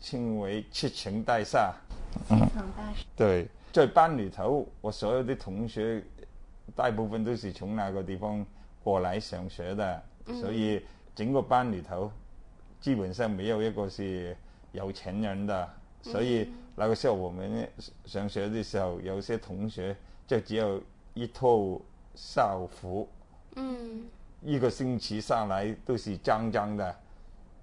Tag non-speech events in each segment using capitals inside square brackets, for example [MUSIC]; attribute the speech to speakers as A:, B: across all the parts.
A: 稱為七層大廈，七
B: 層大廈，
A: [LAUGHS] 對，在班裏頭，我所有的同學大部分都是從那個地方過來上學的，嗯、所以整個班裏頭基本上沒有一個是有錢人的，所以、嗯、那個時候我們上學的時候，有些同學就只有一套校服、嗯，一個星期上來都是臟臟的。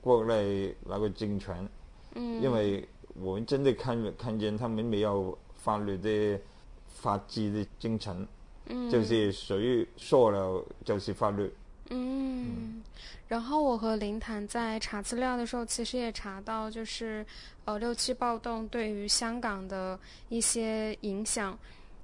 A: 國內那個政權，嗯，
B: 因為
A: 我們真的看看見他們沒有法律的法治的精神，嗯，就是誰說了就是法律。嗯，
C: 嗯，然後我和林談在查資料的時候，其實也查到，就是，呃六七暴動對於香港的一些影響。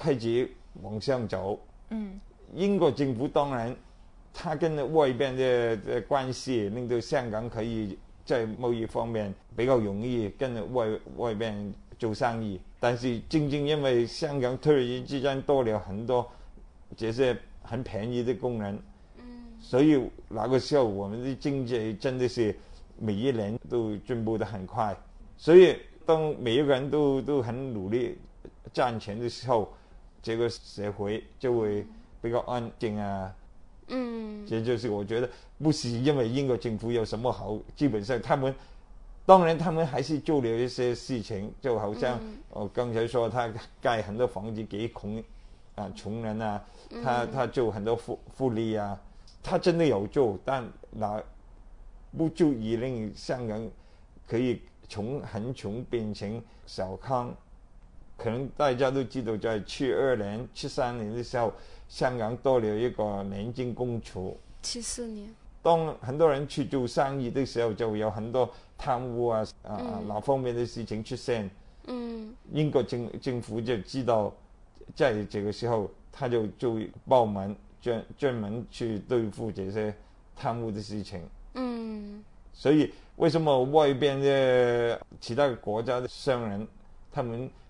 A: 開始往上走。嗯，英國政府當然，他跟外邊的嘅關係令到香港可以在貿易方面比較容易跟外外邊做生意。但是正正因為香港突然之間多了很多這些很便宜的工人，嗯，所以那個時候我們的經濟真的是每一年都進步得很快。所以當每一個人都都很努力賺錢的時候，這個社會就會比較安靜啊，嗯，這就，就是我覺得，不是因為英國政府有什麼好，基本上他們，當然他們還是做了一些事情，就好像我剛才說，他蓋很多房子給窮、嗯、啊窮人啊，嗯、他他就很多福福利啊，他真的有做，但那不足以令香港可以從很窮變成小康。可能大家都知道，在七二年、七三年的時候，香港多了一個廉政公署。
C: 七四年，
A: 當很多人去做生意的時候，就有很多貪污啊啊那、嗯、方面的事情出現。嗯。英國政政府就知道，在這個時候，他就做報名，專專門去對付這些貪污的事情。嗯。所以，為什麼外邊的其他國家的商人，他們。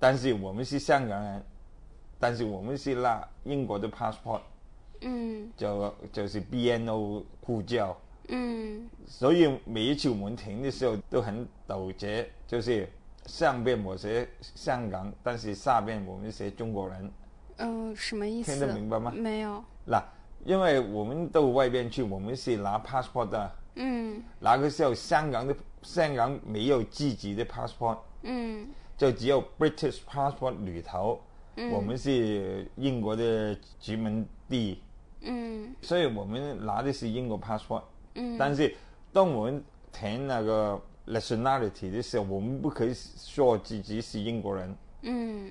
A: 但是我們是香港人，但是我們是拿英國的 passport，嗯，就就是 BNO 護照，嗯，所以每一次我們停的時候都很糾結，就是上邊我寫香港，但是下邊我們寫中國人，嗯、
C: 呃，什麼意思？聽得明白嗎？沒有
A: 嗱，因為我們到外邊去，我們是拿 passport 的，嗯，那個時候香港的香港沒有自己的 passport，嗯。就只有 British passport 裏頭，嗯，
B: 我們是
A: 英國的殖民地，嗯，所以我們拿的是英國 passport，嗯，但是當我們填那個 nationality 的時候，我們不可以說自己是英國人，嗯，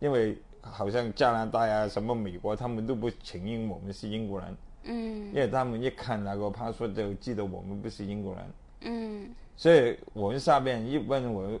A: 因為好像加拿大啊什麼美國他們都不承認我們是英國人，嗯，因為他們一看那個 passport 就記得我們不是英國人，嗯，所以我們下邊一問我。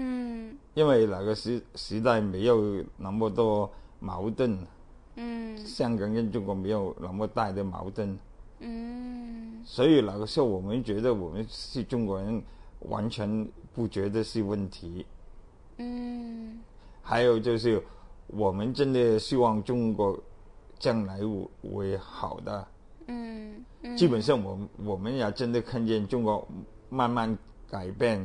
A: 嗯，因為那個時時代沒有那麼多矛盾，嗯，香港跟中國沒有那麼大的矛盾，嗯，所以那個時候我們覺得我們是中國人，完全不覺得是問題，嗯，還有就是我們真的希望中國將來為好的，嗯，
C: 嗯，
B: 基本
A: 上我們我們也真的看見中國慢慢改變。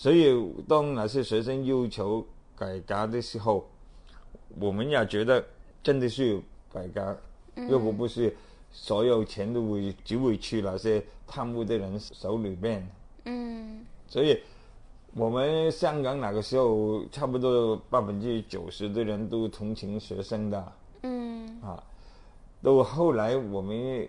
A: 所以，當那些學生要求改革的時候，我們也覺得真的是改革，嗯、如果不是所有錢都會只會去那些貪污的人手裏面。嗯。所以，我們香港那個時候，差不多百分之九十的人都同情學生的。
B: 嗯。
A: 啊，到後來我們。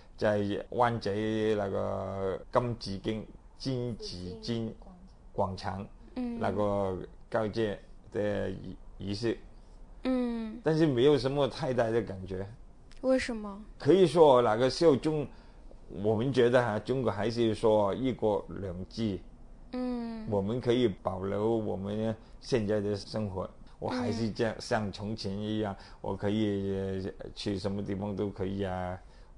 A: 在灣仔那個金紫荊、金紫荊廣場，嗯、那個交接的儀式，嗯，但是沒有什麼太大的感覺。
C: 為什麼？
A: 可以說那時候中，我們覺得哈、啊，中國還是說一國兩制，嗯，
B: 我
A: 們可以保留我們現在的生活，我還是這樣、嗯、像像從前一樣，我可以去什麼地方都可以啊。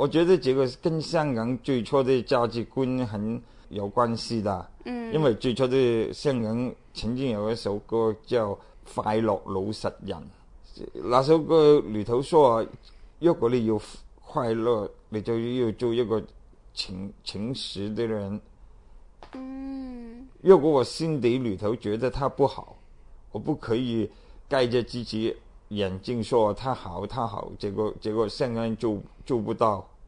A: 我覺得這個跟香港最初的價值觀很有關係的，嗯、因為最初的香港曾經有一首歌叫《快樂老實人》，那首歌裏頭說，如果你要快樂，你就要做一個誠誠實的人。嗯。如果我心底裏頭覺得他不好，我不可以蓋着自己眼睛說他好他好，他好，結果結果香港人做做不到。